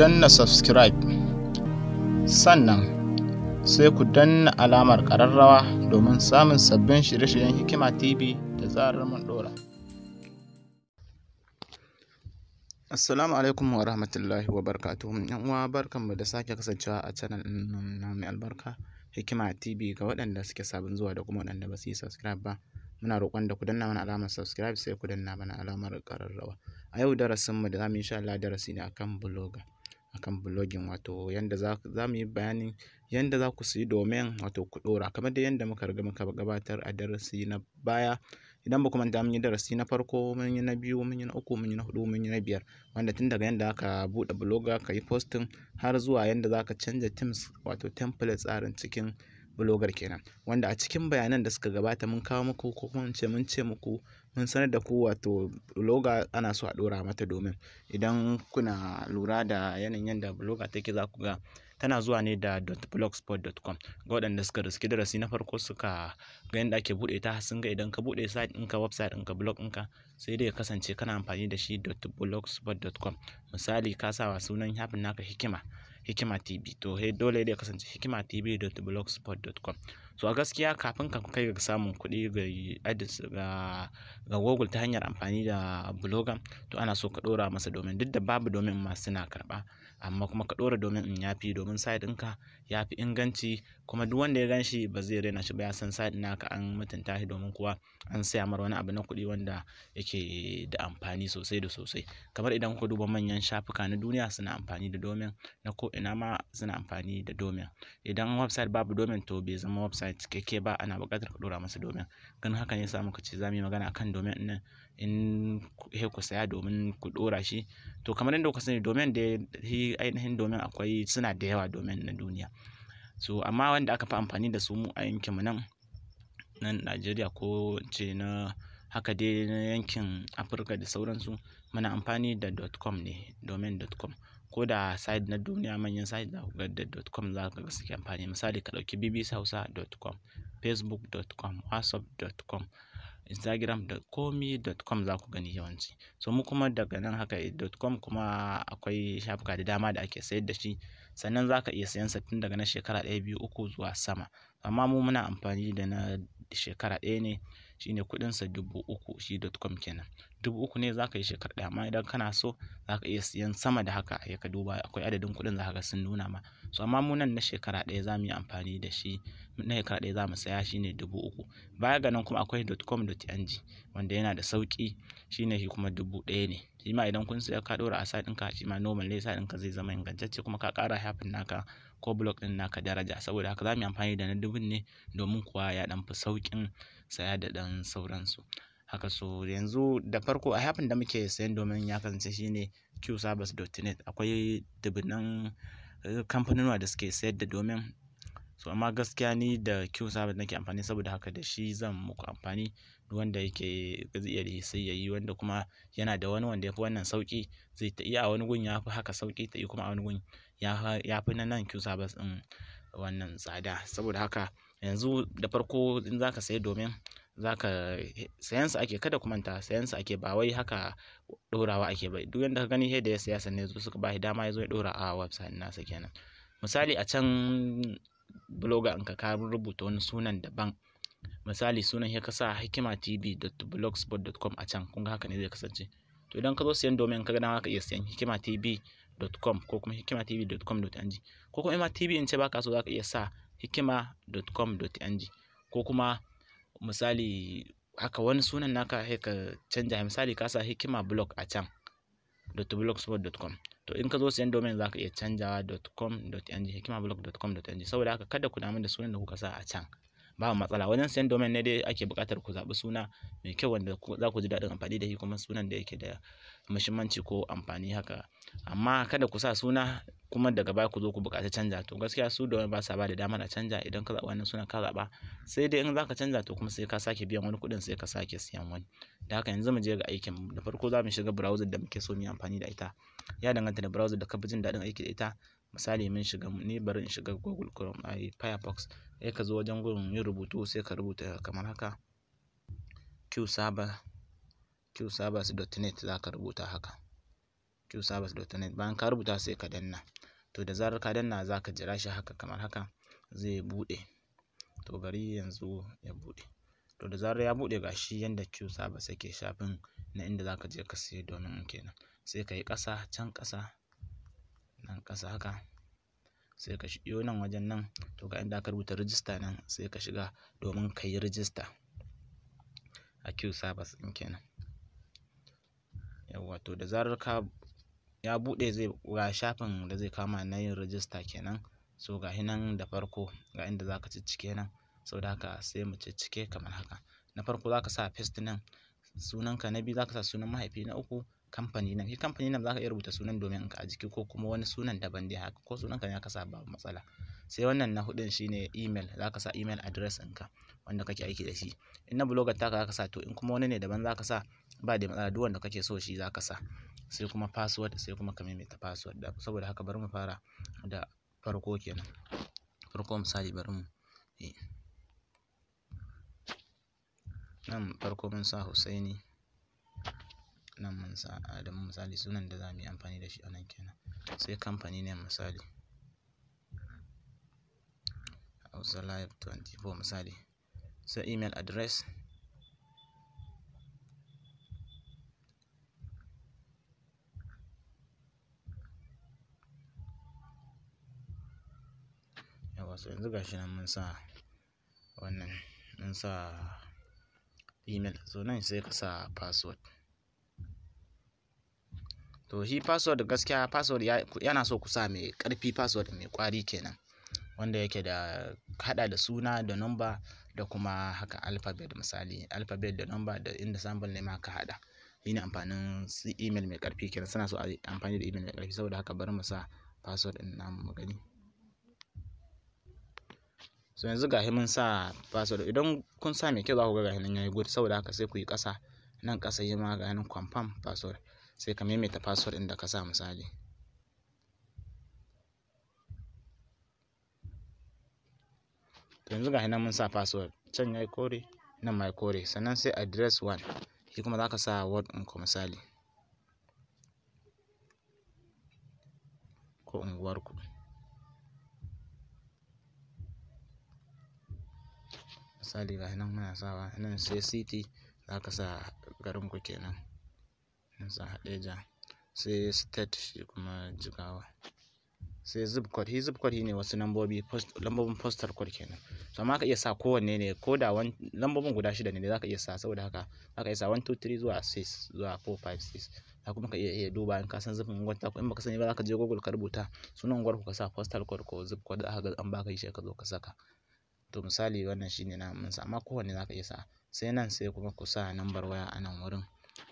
danna subscribe sannan sai ku danna alamar ƙararrawa domin samun sabbin shirye-shiryen hikima tv da zarar mun dora assalamu alaikum wa rahmatullahi wa barkatu yan uwa barkanmu da sake kasancewa a canal ɗin na mai albarka hikima tv ga waɗanda suke sabon zuwa da kuma waɗanda ba su yi subscribe ba muna roƙon da ku danna mana alamar subscribe sai ku danna mana alamar ƙararrawa a yau darasinmu da zamu yi insha Allah darasi ne akan blogger akan blogging wato yanda za mu yi bayanin yanda za ku sayi domain wato ku ɗora kamar dai yanda muka riga muka gabatar a darasi na baya idan ba ku manta mun yi darasi na farko mun yi na biyu mun yi na uku mun yi na hudu mun yi na biyar wanda tun daga yanda aka buɗe blogger ka yi posting har zuwa yanda za ka canza themes wato template tsarin cikin blogger kenan wanda a cikin bayanan da suka gabata mun kawo muku ko kuma ce mun ce muku mun sanar da ku wato bloga ana so a dora mata domin idan kuna lura da yanayin yadda bloga take za ku ga tana zuwa ne da .blogspot.com ga waɗanda suka riski darasi na farko suka ga yadda ake buɗe ta sun ga idan ka buɗe site in ka website ka blog in ka sai dai ya kasance kana amfani da shi .blogspot.com misali ka sa wa sunan yafin naka hikima hikima tv to he dole da ya kasance hikima tv.blogspot.com so a gaskiya kafin ka kai ga samun kuɗi ga addis ga google ta hanyar amfani da blogger to ana so ka dora masa domin duk da babu domin ma suna karɓa amma kuma ka dora domin in yafi domin site ɗinka yafi inganci kuma duk wanda ya gan shi ba zai raina shi ba ya san sa'in ka an mutunta shi domin kuwa an saya mar wani abu na kuɗi wanda yake da amfani sosai da sosai kamar idan kuka duba manyan shafuka na duniya suna amfani da domin na ko ina ma suna amfani da domin idan website babu domin to bai zama website cikakke ba ana buƙatar ka dora masa domin ganin haka ne sa muka ce za mu yi magana kan domin ɗin in he ku saya domin ku dora shi to kamar yadda kuka sani domin da ainihin domin akwai suna da yawa domin na duniya so amma wanda aka fi amfani da su mu a yankinmu nan nan najeriya ko ce na haka dai na yankin afirka da sauransu muna amfani da .com ne com ko da site na duniya manyan site za ku ga da .com za ka ga suke amfani misali ka ɗauki bbshausa.com facebook.com whatsapp.com instagram da komi com za ku gani yawanci so mu kuma daga nan haka com kuma akwai shafuka da dama da ake sayar da shi sannan za ka iya sayan sa tun daga na shekara ɗaya biyu uku zuwa sama amma mu muna amfani da na shekara ɗaya ne shine kuɗinsa dubu uku shi dot com kenan dubu uku ne zaka yi shekar ɗaya amma idan kana so zaka iya siyan sama da haka ya ka duba akwai adadin kuɗin zaka ga sun nuna ma so amma mu nan na shekara ɗaya za mu yi amfani da shi na shekara ɗaya za mu saya ne dubu uku baya ga nan kuma akwai dot dot ng wanda yana da sauƙi shine shi kuma dubu ɗaya ne shi idan kun saya ka ɗora a sa ɗinka shi ma normal ne sa ɗinka zai zama ingantacce kuma ka ƙara hafin naka ko block ɗin naka daraja saboda haka za mu yi amfani da na dubun ne domin kuwa ya ɗan fi sauƙin saya da ɗan sauransu haka so yanzu da farko a hafin da muke sayan domin ya kasance shine qservice.net akwai dubunan eh, kamfanonuwa da suke sayar da domin so amma gaskiya ni da qservice nake amfani saboda haka da shi zan muku amfani wanda yake zai iya sai ya yi wanda kuma yana da wani wanda ya fi wannan sauki zai ta iya a wani gun ya fi haka sauki ta yi kuma a wani gun ya fi na nan ba ɗin wannan tsada. Saboda haka yanzu da farko in za ka sayi domin zaka sayan su ake kada ku manta sayan su ake ba wai haka dorawa ake ba duk yanda ka gani he da ya saya ne yazo suka bashi dama yazo ya dora a website nasa kenan misali a can blogger ɗinka ka rubuta wani sunan daban misali sunan ya kasa hikimatv.blogspot.com a can kun ga haka ne zai kasance to idan ka zo sayan domin ka ga dama ka iya hikima hikimatv hikima.com ko kuma hikimatv.com.ng ko kuma ima tv in ce baka so zaka iya sa hikima.com.ng ko kuma misali haka wani sunan naka sai ka canja misali ka sa hikima blog a can .blogspot.com to in ka zo sayan domain zaka iya canjawa .com.ng hikimablog.com.ng saboda haka kada ku damu da sunan da kuka sa a can ba matsala wajen sayan domain ne dai ake buƙatar ku zaɓi suna mai kyau wanda za ku ji daɗin amfani da shi kuma sunan da yake da muhimmanci ko amfani haka amma kada ku sa suna kuma daga baya ku zo ku buƙaci canja to gaskiya su domin ba sa ba da dama a canja idan ka zaɓi wannan suna ka zaɓa sai dai in za ka canja to kuma sai ka sake biyan wani kuɗin sai ka sake siyan wani da haka yanzu mu je ga aikin da farko za mu shiga browser da muke so mu yi amfani da ita ya danganta da browser da ka fi jin daɗin aiki da ita misali mun shiga ni bari in shiga google chrome ai firefox sai ka zo wajen gurin yin rubutu sai ka rubuta kamar haka qserver qservice.net za ka rubuta haka qservice.net bayan ka rubuta sai ka danna to da zarar ka danna za ka jira shi haka kamar haka zai buɗe to bari yanzu ya buɗe to da zarar ya buɗe gashi yanda qservice yake shafin na inda za ka je ka siya domin kenan sai ka yi ƙasa can ƙasa nan ƙasa haka sai ka shigo nan wajen nan to ga inda aka rubuta rijista nan sai ka shiga domin ka yi rijista a Q service ɗin kenan yawwa to da zarar ka ya buɗe zai ga shafin da zai kama na yin rijista kenan so ga nan da farko ga inda za ka ciccike nan sau da haka sai mu ciccike kamar haka na farko za ka sa paste nan sunanka na biyu za ka sa sunan mahaifi na uku kamfani nan shi kamfani nan zaka iya rubuta sunan domin ka a jiki ko kuma wani sunan daban dai haka ko sunan ka ne ka sa babu matsala sai wannan na hudun shine email zaka sa email address ɗinka wanda kake aiki da shi in na blogger taka zaka sa to in kuma wani ne daban zaka sa ba da matsala duk wanda kake so shi zaka sa sai kuma password sai kuma ka maimaita password saboda haka bari mu fara da farko kenan farko misali bari mu eh. nan farko mun sa Husaini nan Adamu misali sunan da za mu yi amfani da shi a nan kenan sai kamfani ne misali Hausa Live 24 misali sai email address yawa so yanzu shi nan mun sa wannan mun sa email so nan sai ka sa password to shi password gaskiya password yana so ku sa mai karfi password mai kwari kenan wanda yake da hada da suna da number da kuma haka alphabet misali alphabet da number da inda sample ne ma ka hada ne amfanin su email mai karfi kenan suna so amfani da email mai karfi saboda haka bari mu sa password din namu mu gani so yanzu ga mun sa password idan kun sa mai kyau za ku ga ga nan yayi good saboda haka sai ku yi kasa nan kasa yi ma gahi nan confirm password sai ka maimaita password ɗin da ka sa misali to yanzu ga hinan mun sa password can ya yi kore nan ma kore sannan sai address 1 shi kuma za ka sa word ko misali ko unguwarku misali ga hinan muna sawa nan sai city za ka sa garinku kenan yanzu haɗeja sai state shi kuma jigawa sai zip code shi zip code ne wasu lambobi lambobin postal code kenan to amma ka iya sa kowanne ne ko da lambobin guda shida ne za ka iya sa saboda haka za ka iya sa 1 2 3 zuwa 6 zuwa 4 5 6 za kuma ka iya iya duba in ka san zipin unguwar ta in baka sani ba za ka je Google ka rubuta sunan unguwar ku ka sa postal code ko zip code da ga an baka shi ka zo ka saka to misali wannan shine na mun sa amma kowanne za ka iya sa sai nan sai kuma ku sa number waya a nan wurin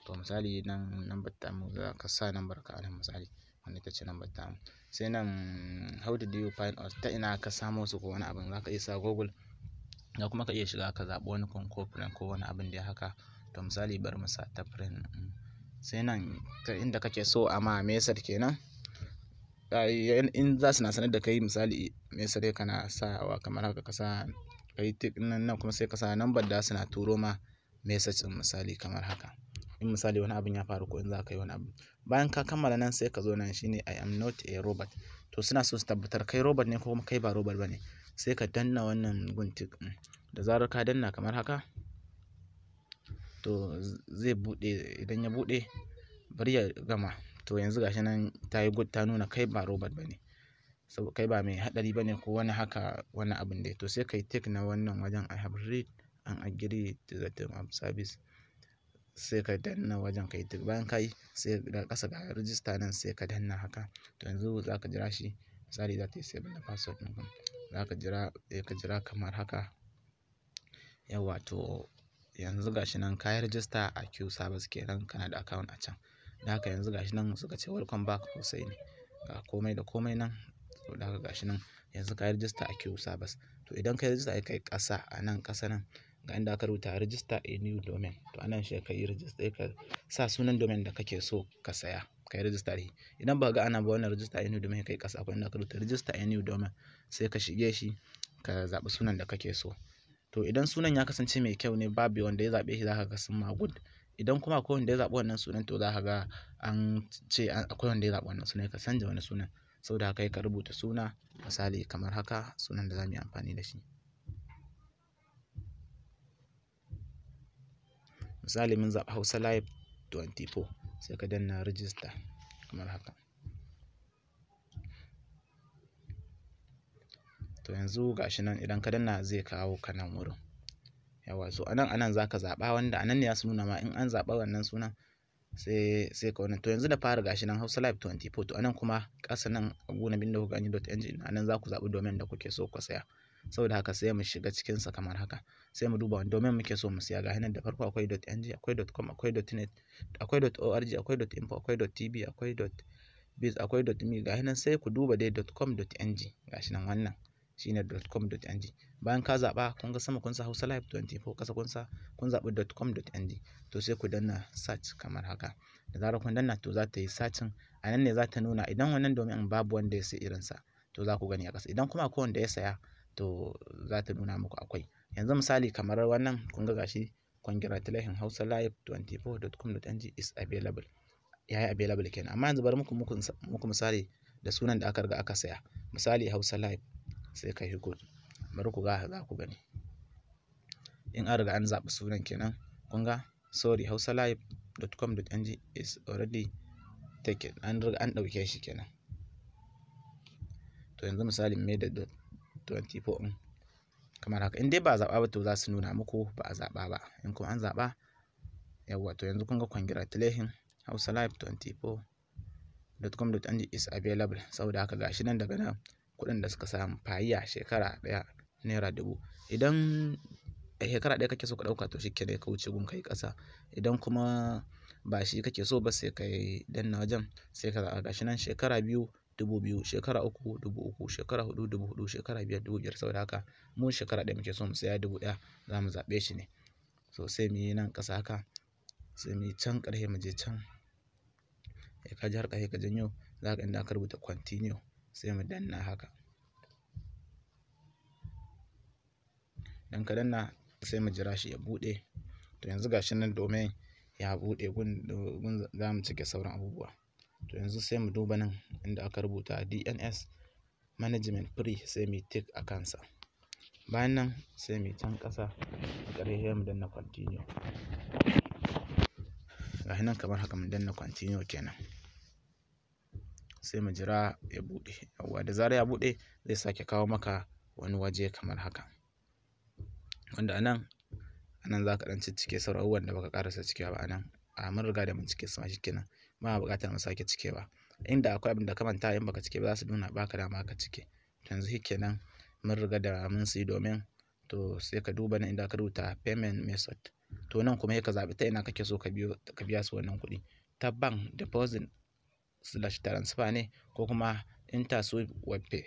To misali nan number tamu za ka sa number ka anan misali wanda ita ce number tamu. Sai nan how did you find out ta ina ka samo su ko wani abin za ka iya sa Google ga kuma ka iya shiga ka zaɓi wani ko ko wani abin dai haka. To misali bari mu sa ta print. Sai nan ta inda kake so a ama mesar kenan. In za su na sanar da kai misali message kana sawa kamar haka ka sa kai tik nan kuma sai ka sa number da su na turo ma message ɗin misali kamar haka. in misali wani abin ya faru ko in za ka yi wani abu bayan ka kammala nan sai ka zo nan shine I am not a robot to suna so su tabbatar kai robot ne ko kuma kai ba robot bane sai ka danna wannan guntik da zarar ka danna kamar haka to zai bude idan ya bude bari ya gama to yanzu gashi nan ta yi ta nuna kai ba robot bane kai ba mai hadari bane ko wani haka wani abin dai to sai kai tick na wannan wajen I have read and agree to the term of service sai ka danna wajen ka yi tik bayan ka yi sai da ƙasa ga rijista nan sai ka danna haka to yanzu za ka jira shi misali za ta yi saving da password ɗin za ka jira eh, ka jira kamar haka yawa to yanzu gashi nan ka yi rijista a Q service kenan kana da account a can da haka yanzu gashi nan suka ce welcome back Hussein ga komai da komai nan to da haka gashi nan yanzu ka yi rijista a Q service to idan ka yi rijista kai ƙasa a nan ƙasa nan ga inda aka rubuta register a new domain to anan shi ka yi register ka sa sunan domain da kake so ka saya ka yi register shi idan ba ga ana ba wannan register a new domain kai kasa akwai inda aka rubuta register a new domain sai ka shige shi ka zaɓi sunan da kake so to idan sunan ya kasance mai kyau ne babu wanda ya zaɓe shi ka ga sun ma good idan kuma akwai wanda ya zaɓi wannan sunan to ka ga an ce akwai wanda ya zaɓi wannan sunan ka canja wani sunan saboda haka ka rubuta suna misali kamar haka sunan da za mu yi amfani da shi misali mun zaɓi hausa live 24 sai ka danna register kamar haka to yanzu shi nan idan ka danna zai kawo ka nan wurin yawa so anan anan ka zaɓa wanda anan ne ya su nuna ma in an zaɓa wannan sunan sai sai ka wani to yanzu da fara gashi nan Hausa Live 24 to anan kuma ƙasa nan a gona bin da kuka gani .ng anan za ku zaɓi domin da kuke so ku saya saboda haka sai mu shiga cikin sa kamar haka sai mu duba wani muke so mu siya ga hinan da farko akwai .ng akwai .com akwai .net akwai .org akwai .info akwai .tv akwai .biz akwai .me ga hinan sai ku duba dai .com .ng gashi nan wannan shine .com.ng bayan ka zaɓa kun ga sama kun sa Hausa Live 24 kasa kun sa kun zaɓi .com.ng to sai ku danna search kamar haka da zarar kun danna to za ta yi searching a nan ne za ta nuna idan wannan domin babu wanda ya sai irinsa to za ku gani a ƙasa idan kuma akwai wanda ya saya to za ta nuna muku akwai yanzu misali kamar wannan kun ga gashi congratulating hausa live 24.com.ng is available ya yi available kenan amma yanzu bari muku muku misali da sunan da aka riga aka saya misali hausa live sai ka yi good bari ku ga za ku gani in an riga an zaɓi sunan kenan kun ga sorry hausa live.com.ng is already taken an riga an ɗauke shi kenan to yanzu misali me da 24 ɗin kamar haka in dai ba a zaɓa ba to za su nuna muku ba a zaɓa ba in kuma an zaɓa yawwa to yanzu kun ga congratulating hausa live 24.com.ng is available saboda haka gashi nan daga nan kuɗin da suka samu fayiya shekara ɗaya naira dubu idan a shekara ɗaya kake so ka ɗauka to shike ne ka wuce gun kai ƙasa idan kuma ba shi kake so ba sai kai danna wajen sai ka zaɓa gashi nan shekara biyu dubu biyu shekara uku dubu uku shekara hudu dubu hudu shekara biyar dubu biyar saboda haka mu shekara ɗaya muke so mu saya dubu ɗaya za mu zaɓe shi ne so sai mu yi nan ƙasa haka sai mu yi can ƙarhe mu je can ya ka ji har ƙarhe ka janyo za ka inda aka rubuta continue sai mu danna haka dan ka danna sai mu jira shi ya buɗe to yanzu gashi nan domin ya buɗe gun za mu cike sauran abubuwa to yanzu sai mu duba nan inda aka rubuta dns management free sai mu tick a kansa bayan nan sai mu can ƙasa a ƙarshe mu danna continue gashi nan kamar haka mu danna continue kenan sai mu jira ya buɗe yawwa da zarar ya buɗe zai sake kawo maka wani waje kamar haka wanda anan anan za ka ɗan ciccike sauran abubuwan da baka ƙarasa cikewa ba anan a mun riga da mun cike su ma kenan ba a buƙatar mu sake cikewa inda akwai abin da ka manta in baka cike ba za su nuna baka dama ka cike yanzu shikenan mun riga da mun sai domin to sai ka duba nan inda ka rubuta payment method to nan kuma ka zaɓi ta ina kake so ka biyo ka biya su wannan kuɗi ta bank deposit slash transfer ne ko kuma interswip webpay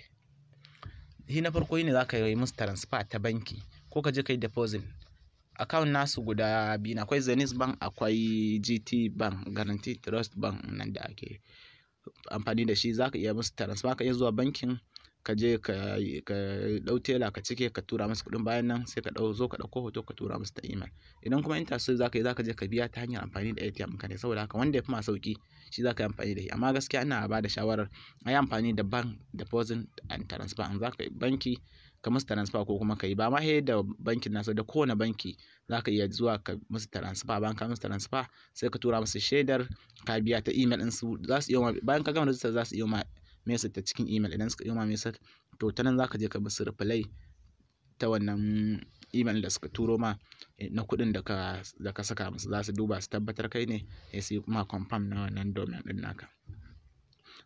shi na farko ne za ka yi musu transfer ta banki ko ka je ka yi deposit account nasu guda biyu akwai zenith bank akwai gt bank guarantee trust bank nan da ake amfani da shi zaka iya musu transfer ka iya zuwa bankin ka je ka ɗau tela ka cike ka tura musu kuɗin bayan nan sai ka ɗau zo ka ɗauko hoto ka tura musu ta email idan kuma inta so zaka yi zaka je ka biya ta hanyar amfani da ATM ka ne saboda haka wanda yafi ma sauki shi zaka yi amfani da shi amma gaskiya ina ba da shawarar a amfani da bank deposit and transfer an zaka banki ka musu transfer ko kuma ka yi ba ma da bankin nasu da kowane banki za ka iya zuwa ka musu transfer bayan ka musu transfer sai ka tura musu shaidar ka biya ta email ɗinsu za su iya ma bayan ka gama rajista za su iya ma message ta cikin email idan suka iya ma message to ta nan za ka je ka musu reply ta wannan email da suka turo ma eh, na kuɗin da ka da ka saka musu za su duba su tabbatar kai ne sai eh, su ma confirm na wannan domain ɗin naka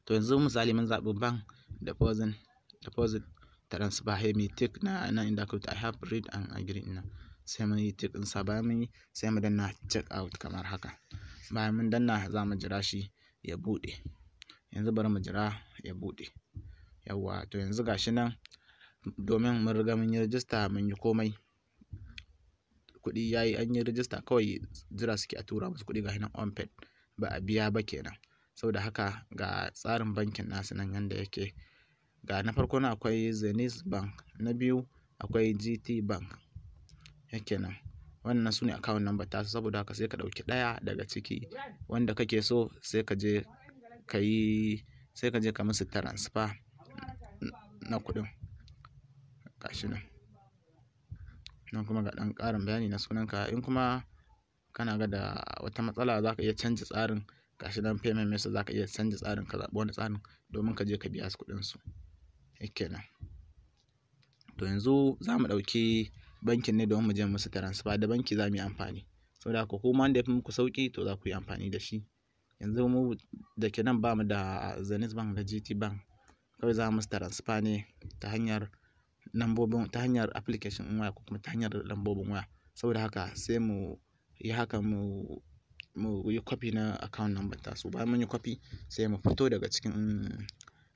to yanzu misali mun zaɓi bank deposit deposit taransu ba sai mu tick na in inda I have read and agree ina sai mu yi tick sa bayan mun yi sai mu danna check out kamar haka bayan mun danna za mu jira shi ya buɗe yanzu bari mu jira ya buɗe yawwa to yanzu gashi nan domin mun riga mun yi rajista mun yi komai kuɗi ya yi an yi rajista kawai jira suke a tura musu kuɗi ga nan onped ba a biya ba kenan saboda haka ga tsarin bankin nasu nan yanda yake ga na farko na akwai zenith bank na biyu akwai gt bank kenan wannan su ne account number tasu saboda haka sai ka ɗauki ɗaya daga ciki wanda kake so sai ka je ka yi sai ka je ka musu transfer na kudin gashi nan nan kuma ga ɗan ƙarin bayani na sunanka in kuma kana ga da wata matsala za ka iya canza tsarin gashi nan payment method za ka iya canza tsarin ka zaɓi wani tsarin domin ka je ka biya su kuɗinsu kenan to yanzu za mu ɗauki bankin ne don mu je musu transfer da banki za mu yi amfani saboda haka ko wanda ya fi muku sauƙi to za ku yi amfani da shi yanzu mu da ke nan ba mu da zenith bank da gt bank kawai za mu transfer ne ta hanyar lambobin ta hanyar application waya ko kuma ta hanyar lambobin waya saboda haka sai mu yi haka mu mu yi copy na account number tasu bayan mun yi copy sai mu fito daga cikin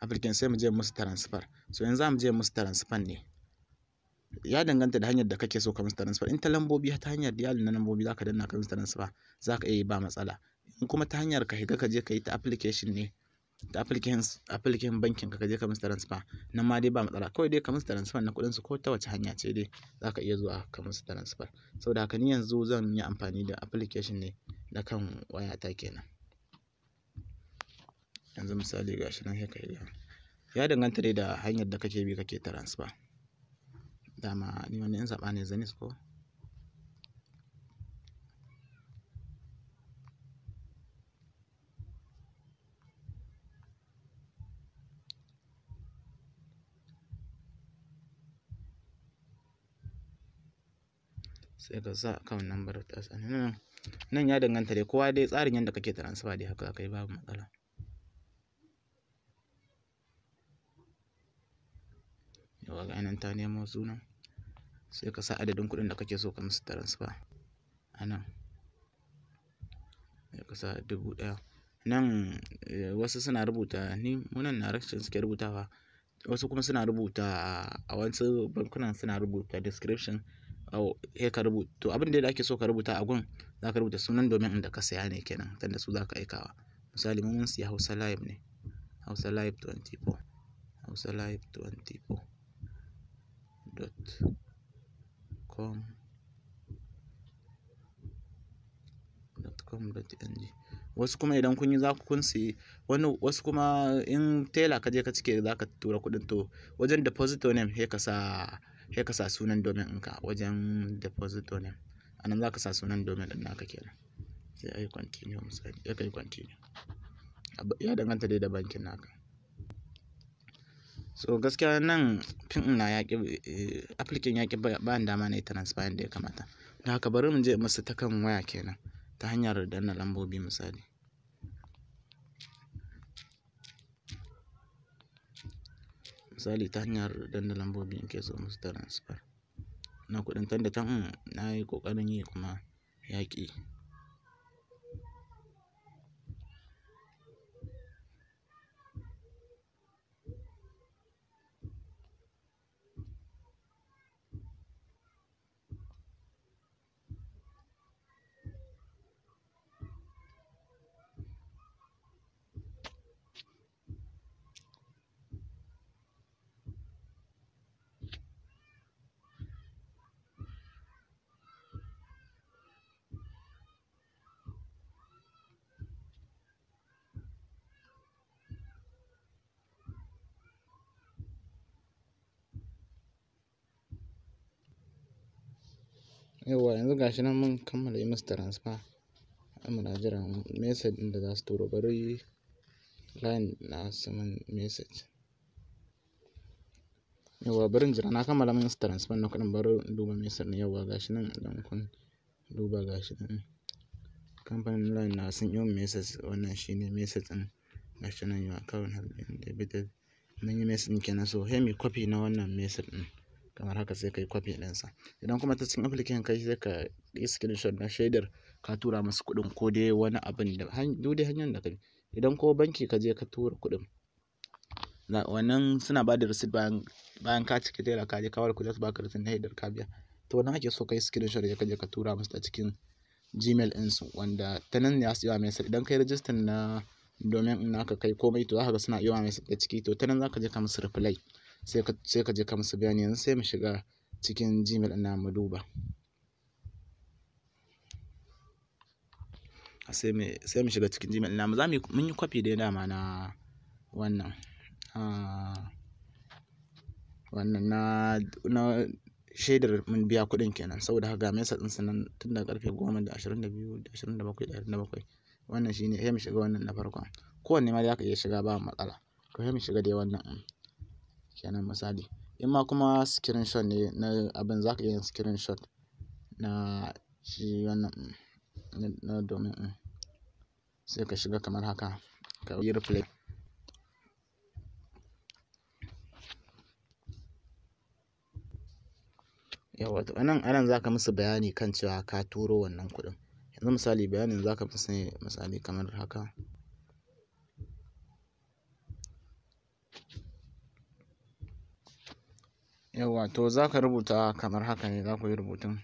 applicant sai mu je musu transfer so yanzu za mu je musu transfer ne ya danganta da hanyar da kake so ka musu transfer in ta lambobi ta hanyar diyal na lambobi zaka danna ka musu transfer zaka iya yi ba matsala in kuma ta hanyar ka higa ka je ka yi ta application ne da application banking ka je ka musu transfer nan ma dai ba matsala kawai dai ka musu transfer na kuɗin su ko ta wace hanya ce dai zaka iya zuwa ka musu transfer saboda haka ni yanzu zan yi amfani da application ne na kan wayata kenan yanzu misali gashi nan haka ya ya danganta tadi da hanyar da kake bi kake transfer dama ni wannan in zaba ne zanis ko sai ka sa account number ta sanin nan ya danganta dai kowa dai tsarin yanda kake transfer dai haka kai babu matsala yawa ga nan ta nemo sunan sai ka sa adadin kuɗin da kake so ka musu transfer a nan sai ka sa dubu ɗaya nan eh, wasu suna rubuta ni munan na rashin suke rubutawa wasu kuma suna rubuta a wasu bankunan suna rubuta description sai ka rubuta to abin da ake so ka rubuta a gun za ka rubuta sunan domin inda ka saya ne kenan tunda su za ka aikawa misali mun siya hausa live ne hausa live 24 hausa live 24 dot dot dot com com ng wasu kuma idan kun yi za ku kun sayi wani wasu kuma in tela ka je ka cike za ka tura kudin to wajen deposito name he ka sa sai ka sa sunan domin ɗinka wajen depositor name anan za ka sa sunan domin ɗin naka kenan sai ai continue misali ya kai continue ya danganta dai da bankin naka so gaskiya nan din na yaki eh, application yaki ba ni dama na yi transparent da ya kamata da haka bari mu je musu ta kan waya kenan ta hanyar danna lambobi misali misali ta hanyar danna lambobi in ke so musu transfer na kuɗin tanda ta mm, na yi ƙoƙarin yi kuma yaƙi Yauwa yanzu gashi nan mun kammala yi musu transfer. Muna jira message ɗin da za su turo bari line na su mun message. Yauwa bari jira na kammala masu transfer na kudin bari duba message ɗin yauwa gashi nan idan kun duba gashi nan. Kamfanin line na sun yi mun message wannan shine message ɗin gashi nan your kawai has been Mun yi message ɗin kenan so sai muyi copy na wannan message ɗin. kamar haka sai ka yi copy ɗinsa idan kuma ta cikin application kai sai ka yi screenshot na shaidar ka tura musu kuɗin ko dai wani abin da duk dai hanyar da ka bi idan ko banki ka je ka tura kuɗin wannan suna ba da receipt bayan bayan ka cike tera ka je kawar kuɗi za su baka receipt na shaidar ka biya to wannan ake so ka yi screenshot ya kaje ka tura musu a cikin gmail ɗinsu wanda ta nan ne za su yi wa mai idan ka yi na domin in naka kai komai to za ka ga suna yi wa mai ciki to ta nan za ka je ka musu reply sai ka je ka musu bayani yanzu sai mu shiga cikin gmail ɗin mu duba sai mu shiga cikin gmail ɗin mu za mu yi kwafi da dama na wannan ah, wannan na na shaidar mun biya kuɗin kenan saboda haka ga mesa ɗin sanan tun ƙarfe goma da ashirin da biyu da ashirin da bakwai da ashirin da bakwai wannan shine sai mu shiga wannan na farkon kowanne ma za ka iya shiga ba matsala to sai mu shiga dai wannan kenan misali in ma kuma screenshot ne na abin za ka iya yin screenshot na shi wannan mm, na domin in mm, sai ka shiga kamar haka ka yi replay yawa to anan anan za ka musu bayani kan cewa ka turo wannan kuɗin yanzu misali bayanin za ka musu ne misali kamar haka yawwa to za ka rubuta kamar haka ne za ku yi rubutun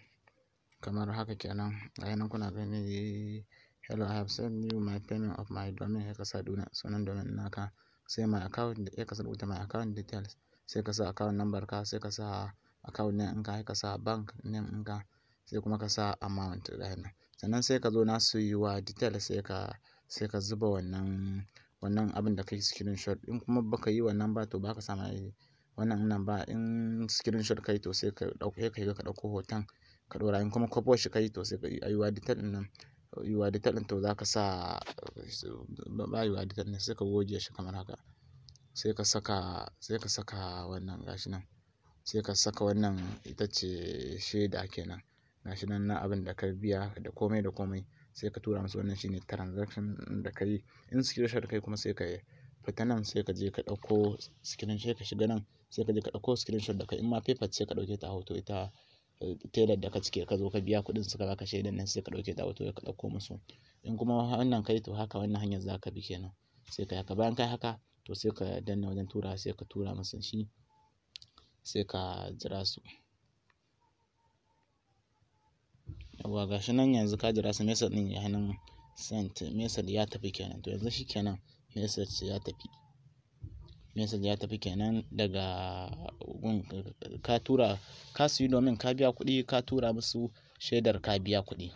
kamar haka kenan a yanar kuna gani hello i have sent you my payment of my domain ya kasa duna sunan domain naka sai my account da ya kasa rubuta my account details sai ka sa account number ka sai ka sa account name ɗinka ka sa bank name ka sai kuma ka sa amount da yana sannan sai ka zo na su yi wa details sai ka sai ka zuba wannan wannan abin da kai screenshot in kuma baka yi wannan ba to baka sa mai wannan nan ba in shot kai to sai ka dauko kai ka dauko hoton ka dora in kuma kwafo shi kai to sai ka yi detail din nan yiwa detail din to zaka sa ba yiwa detail din sai ka goge shi kamar haka sai ka saka sai ka saka wannan gashi nan sai ka saka wannan ita ce shaida kenan gashi nan na abin da ka biya da komai da komai sai ka tura musu wannan shine transaction da ka yi in shot kai kuma sai ka fita nan sai ka je ka dauko screen shot ka shiga nan sai ka je ka ɗauko screenshot da kai in ma paper ce ka ɗauke ta hoto ita eh, tailor da ka cike ka zo ka biya kuɗin suka baka shaidan nan sai ka ɗauke ta hoto ka ɗauko musu in kuma wannan kai to haka wannan hanyar za ka bi kenan sai ka haka bayan kai haka to sai ka danna wajen tura sai ka tura musu shi sai ka jira su yawwa gashi nan yanzu ka jira su message ɗin ya hannun sent message ya tafi kenan to yanzu shi kenan message ya tafi message ya tafi kenan daga ka tura ka siyi domin ka biya kuɗi ka tura musu shaidar ka biya kuɗi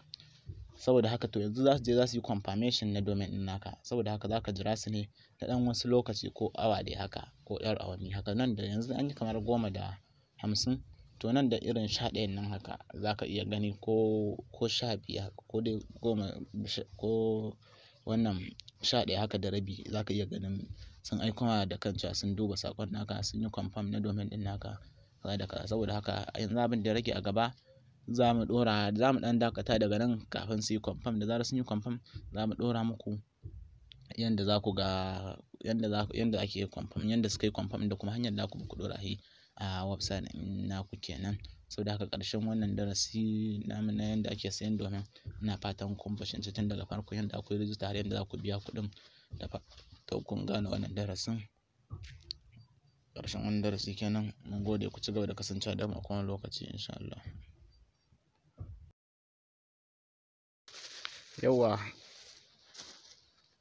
saboda haka to yanzu za su je za su yi confirmation na domin ɗin naka saboda haka za ka jira su ne da ɗan wasu lokaci ko awa dai haka ko ɗar awanni haka nan da yanzu an yi kamar goma da hamsin to nan da irin sha ɗayan nan haka za ka iya gani ko ko sha biyu ko dai goma ko wannan sha ɗaya haka da rabi za ka iya ganin sun aiko ma da kanta sun duba saƙon naka sun yi confirm na domain ɗin naka da saboda haka yanzu abin da rage a gaba za mu ɗora za mu ɗan dakata daga nan kafin su yi confirm da zarar sun yi confirm za mu ɗora muku yanda za ku ga yanda za yanda ake confirm yanda suka yi confirm da kuma hanyar da ku ku ɗora shi a website naku kenan So da haka ƙarshen wannan darasi namu na yanda ake sayan domin ina fatan kun fahimci tun daga farko yanda akwai rijista har yanda za ku biya kuɗin da to kun gane wannan darasin. Ƙarshen wannan darasi kenan mun gode ku ci gaba da kasancewa da mu a kowane lokaci insha Allah. Yawwa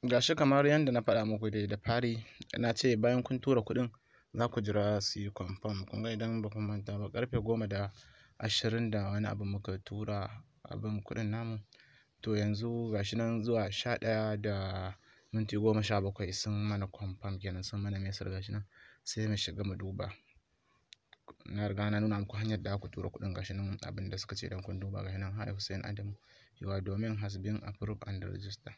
gashi kamar yanda na faɗa muku dai da fari na ce bayan kun tura kuɗin za ku jira su yi confirm kun ga idan ba ku manta ba karfe goma da ashirin da wani abu muka tura abin kuɗin namu to yanzu gashi nan zuwa sha ɗaya da minti goma sha bakwai sun mana confirm kenan sun mana mesar gashi nan sai mu shiga mu duba na riga na nuna muku hanyar da aka tura kuɗin gashi nan abin da suka ce dan kun duba gashi nan hi Hussein Adam your domain has been approved and registered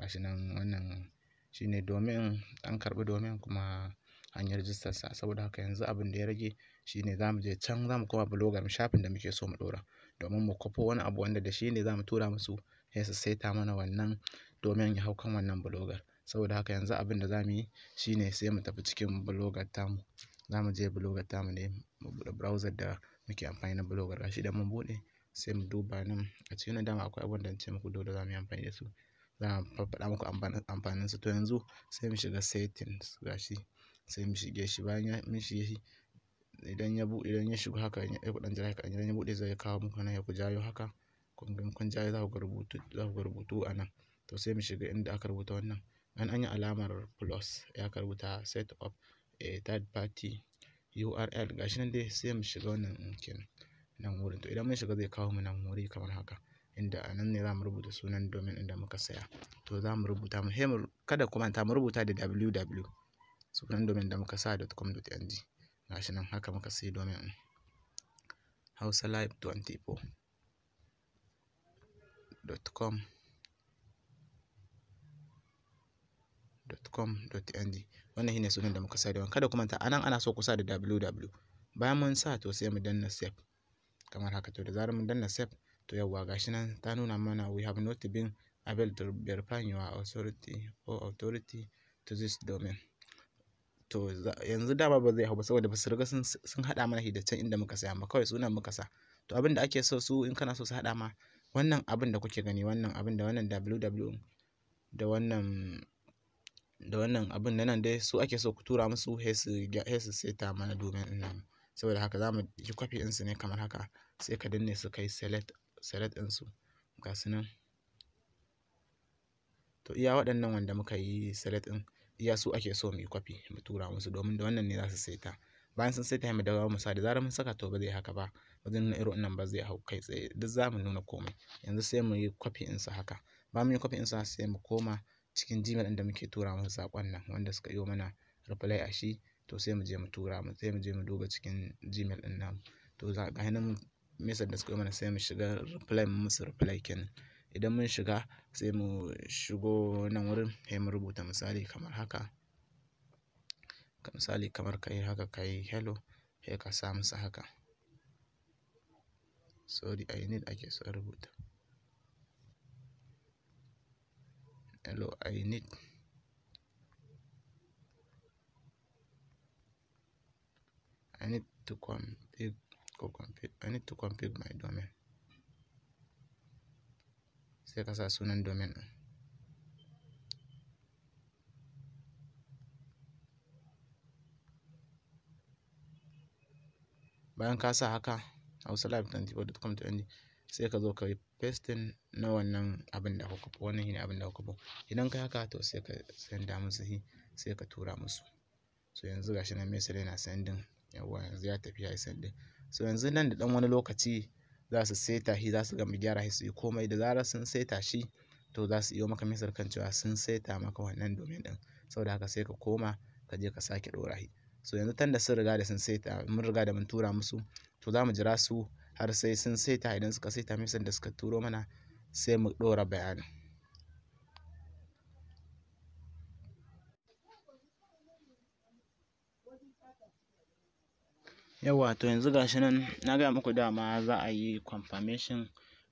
gashi nan wannan shine domain an karbi domain kuma an yi sa saboda haka yanzu abin da ya rage shine za mu je can za mu koma mu shafin da muke so mu ɗora domin mu kwafo wani abu wanda da shi ne za mu tura musu sai su saita mana wannan domin ya hau kan wannan bulogar saboda haka yanzu abin da za mu yi shine sai mu tafi cikin blogar tamu za mu je blogar tamu ne mu buɗe browser da muke amfani na bulogar gashi da mun buɗe sai mu duba nan a cikin nan dama akwai abubuwan da na ce muku dole za mu yi amfani da su za mu faɗa muku amfanin su to yanzu sai mu shiga settings gashi sai mu shige shi bayan ya mun shige shi idan ya buɗe idan ya shigo haka ya ku ɗan jira haka idan ya buɗe zai kawo muku nan ya ku jayo haka kun ga kun jayo za ku ga rubutu za ku ga rubutu a nan to sai mu shiga inda aka rubuta wannan an an yi alamar plus ya aka rubuta set up a eh, third party url gashi nan dai sai mu shiga wannan kenan nan wurin to idan mun shiga zai kawo mu nan wuri kamar haka inda a nan ne za mu rubuta sunan domin inda muka saya to za mu rubuta mu kada ku manta mu rubuta da www sunan domin da muka sa .com.ng gashi nan haka muka sai domin din hausa live 24 .com .com.ng wannan shine sunan da muka sa da kada ku manta anan ana so ku sa da www bayan mun sa to sai mu danna save kamar haka to da zarar mun danna save to yawwa gashi nan ta nuna mana we have not been able to verify your authority or authority to this domain to yanzu dama ba zai hau ba saboda basu riga sun sun hada mana shi da can inda muka saya ma kawai sunan muka sa to abin da ake so su in kana so su hada ma wannan abin da kuke gani wannan abin da wannan ww da wannan da wannan abin da nan dai su ake so ku tura musu sai su seta mana domin in namu saboda haka za mu yi kwafi su ne kamar haka sai ka danne su kai select select din ga su nan to iya waɗannan wanda muka yi select ɗin iya su ake so mu yi kwafi mu tura musu domin da wannan ne za su saita bayan sun saita mai dawo mu da zarar mun saka to ba zai haka ba ba zai nuna irin nan ba zai hau kai tsaye duk za mu nuna komai yanzu sai mu yi kwafi su haka ba mu yi kwafi su sai mu koma cikin gmail ɗin da muke tura musu sakon nan wanda suka yi mana reply a shi to sai mu je mu tura mu sai mu je mu duba cikin gmail ɗin nan to za ga nan message da suka yi mana sai mu shiga reply mu musu reply kenan idan mun shiga sai mu shigo nan wurin sai mu rubuta misali kamar haka ka misali kamar ka yi haka ka yi hello sai ka sa musu haka sorry i need ake so rubuta hello i need i need to config I need to config my domain sai ka sa sunan domain ɗin bayan ka sa haka hausalive24.com.ng sai ka zo ka yi pastin na wannan abin da kuka wannan shine abin da kuka bu idan ka haka to sai ka senda musu shi sai ka tura musu so yanzu gashi nan message yana sendin yawwa yanzu ya tafi ya yi sendin so yanzu nan da ɗan wani lokaci za su saita shi za su gama gyara shi su yi komai da zarar sun saita shi to za su iyo maka misal kan cewa sun saita maka wannan domin ɗin saboda haka sai ka koma ka je ka sake ɗora shi so yanzu tan da sun riga da sun saita mun riga da mun tura musu to za mu jira su har sai sun saita idan suka saita misal da suka turo mana sai mu ɗora bayanin yawwa to yanzu gashi nan na gaya muku dama za a yi confirmation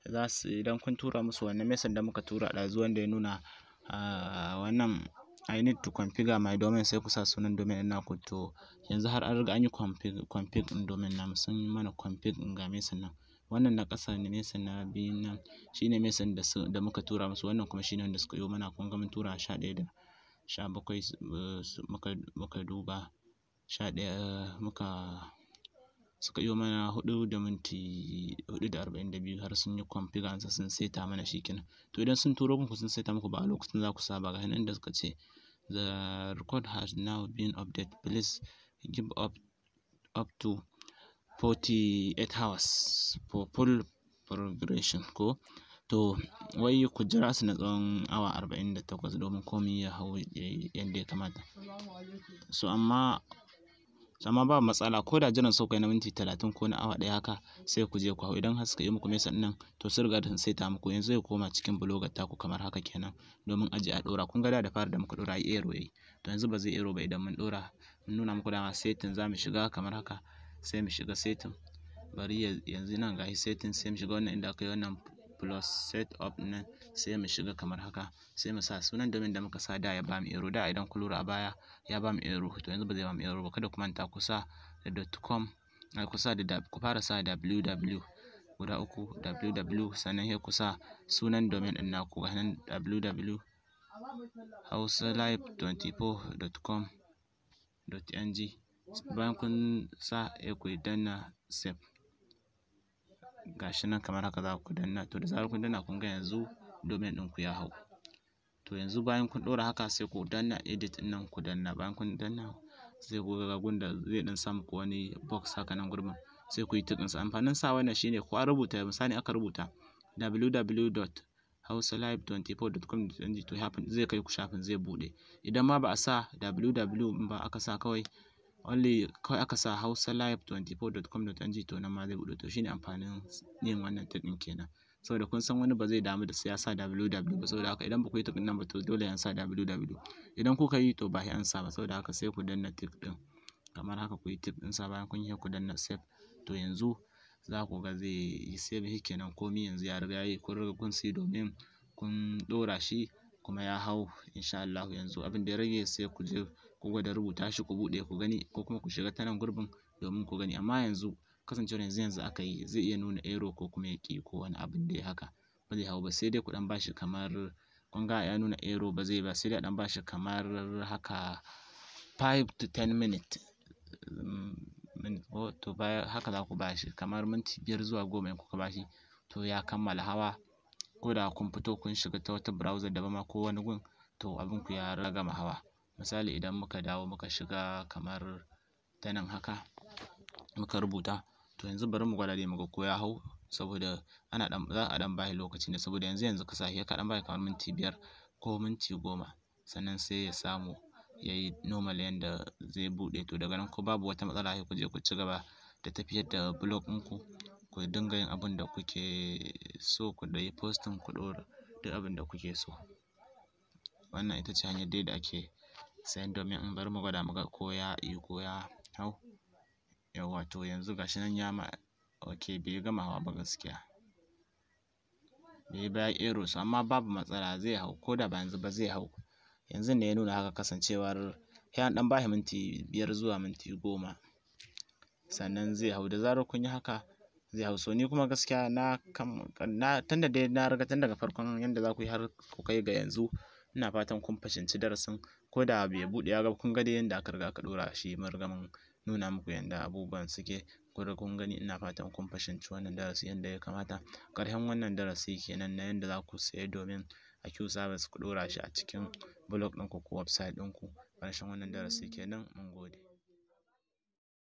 za su idan kun tura musu wannan message da muka tura ɗazu wanda ya nuna ah, wannan I need to configure my domain sai ku sa sunan domain ɗin naku to yanzu har an riga an yi config ɗin domain na sun yi mana config ɗin ga message nan wannan na ƙasa ne message na biyun nan shine message da su da muka tura musu wannan kuma shine wanda suka yi mana kun ga mun tura sha ɗaya da sha bakwai eh, muka duba sha ɗaya eh, muka suka yi mana hudu da minti hudu da arba'in da biyu har sun yi kwamfiga configure sun saita mana shi kenan to idan sun turo muku sun saita muku ba a lokacin za ku saba ga da suka ce the record has now been updated please give up up to 48 hours for full progression ko to wai ku jira su na tsawon awa 48 domin komai ya hau yadda ya kamata so amma amma ba matsala ko da jiran sau kai na minti talatin ko na awa ɗaya haka sai ku je ku hau idan har suka yi muku mesa nan to sai riga da sun saita muku yanzu zai koma cikin ta ku kamar haka kenan domin aji a ɗora kun ga da fara da muka ɗora yi ero yayi to yanzu ba zai ero ba idan mun ɗora mun nuna muku da setin za mu shiga kamar haka sai mu shiga setin bari yanzu nan gashi setin sai mu shiga wannan inda aka yi wannan plus set up nan sai mu shiga kamar haka sai mu sa sunan domin da muka sa da ya bamu ero da idan ku lura a baya ya bamu ero to yanzu ba zai bamu error ba kada ku manta ku sa da .com ku sa da ku fara sa www guda uku www sannan sai ku sa sunan domin din naku ga nan www hausalife24.com.ng bayan kun sa ya ku danna save gashi nan kamar haka za ku danna to da zarar kun danna kun ga yanzu domin ɗin ku ya hau to yanzu bayan kun ɗora haka sai ku danna edit ɗin nan ku danna bayan kun danna sai ku ga gunda zai ɗan samu ku wani box haka nan gurbin sai ku yi tikin sa amfanin sa wannan shine ko an rubuta misali aka rubuta www.hausalive24.com.ng to zai kai ku shafin zai buɗe idan ma ba a sa www ba aka sa kawai only kawai aka sa hausa live24.com.ng to nan ma zai buɗe to shine amfanin yin wannan tag din kenan saboda kun san wani ba zai damu da sai ya sa www ba saboda haka idan ba ku yi tag nan ba to dole an sa www idan kuka yi to ba sai an sa ba saboda haka sai ku danna tag ɗin kamar haka ku yi tag ɗin sa bayan kun yi ku danna save to yanzu za ku ga zai yi save shi kenan komi yanzu ya riga ya yi kun riga kun sai domin kun ɗora shi kuma ya hau insha Allahu yanzu abin da ya rage sai ku je ku gwada rubuta shi ku bude ku gani ko kuma ku shiga tanan gurbin domin ku gani amma yanzu kasancewar yanzu yanzu aka yi zai iya nuna ero ko kuma ya ki ko wani abin da ya haka ba zai hau ba sai dai ku ɗan bashi kamar kun ga ya nuna ero ba zai ba sai dai a ɗan bashi kamar haka 5 to 10 minutes mm, to haka za ku bashi kamar minti biyar zuwa goma in kuka bashi to ya kammala hawa ko da kun fito kun shiga ta wata browser daban ma ko wani gun to abin ku ya ragama hawa misali idan muka dawo muka shiga kamar ta nan haka muka rubuta to yanzu bari mu gwada dai muga ko ya hau saboda ana dan za a dan bashi lokaci ne saboda yanzu yanzu ka sa ka dan bashi kamar minti biyar ko minti goma sannan sai ya samu ya yi normal yanda zai buɗe to daga nan ko babu wata matsala sai ku je ku ci gaba da tafiyar da blog ɗinku ku dinga yin abin da kuke so ku ɗayi fostin ku ɗora duk abin da kuke so wannan ita ce hanyar dai da ake sayan domin in bar mu gwada mu ga ko ya yi ko ya hau to yanzu ga nan ya ma ok bai gama hawa ba gaskiya bai ba ya ƙero su amma babu matsala zai hau ko da ba yanzu ba zai hau yanzu ne ya nuna haka kasancewar ya ɗan bashi minti biyar zuwa minti goma sannan zai hau da zarar kun yi haka zai hau so ni kuma gaskiya na kam na tunda dai na riga tun daga farkon yanda za ku yi har ku kai ga yanzu ina fatan kun fahimci darasin ko da bai buɗe ya ga kun gani yanda aka riga aka ɗora shi mun riga mun nuna muku yanda abubuwan suke da kun gani ina fatan kun fahimci wannan darasi yanda ya kamata ƙarshen wannan darasi kenan na yanda za ku sayi domin a Q service ku ɗora shi a cikin blog ɗinku ko website ɗinku ƙarshen wannan darasi kenan mun gode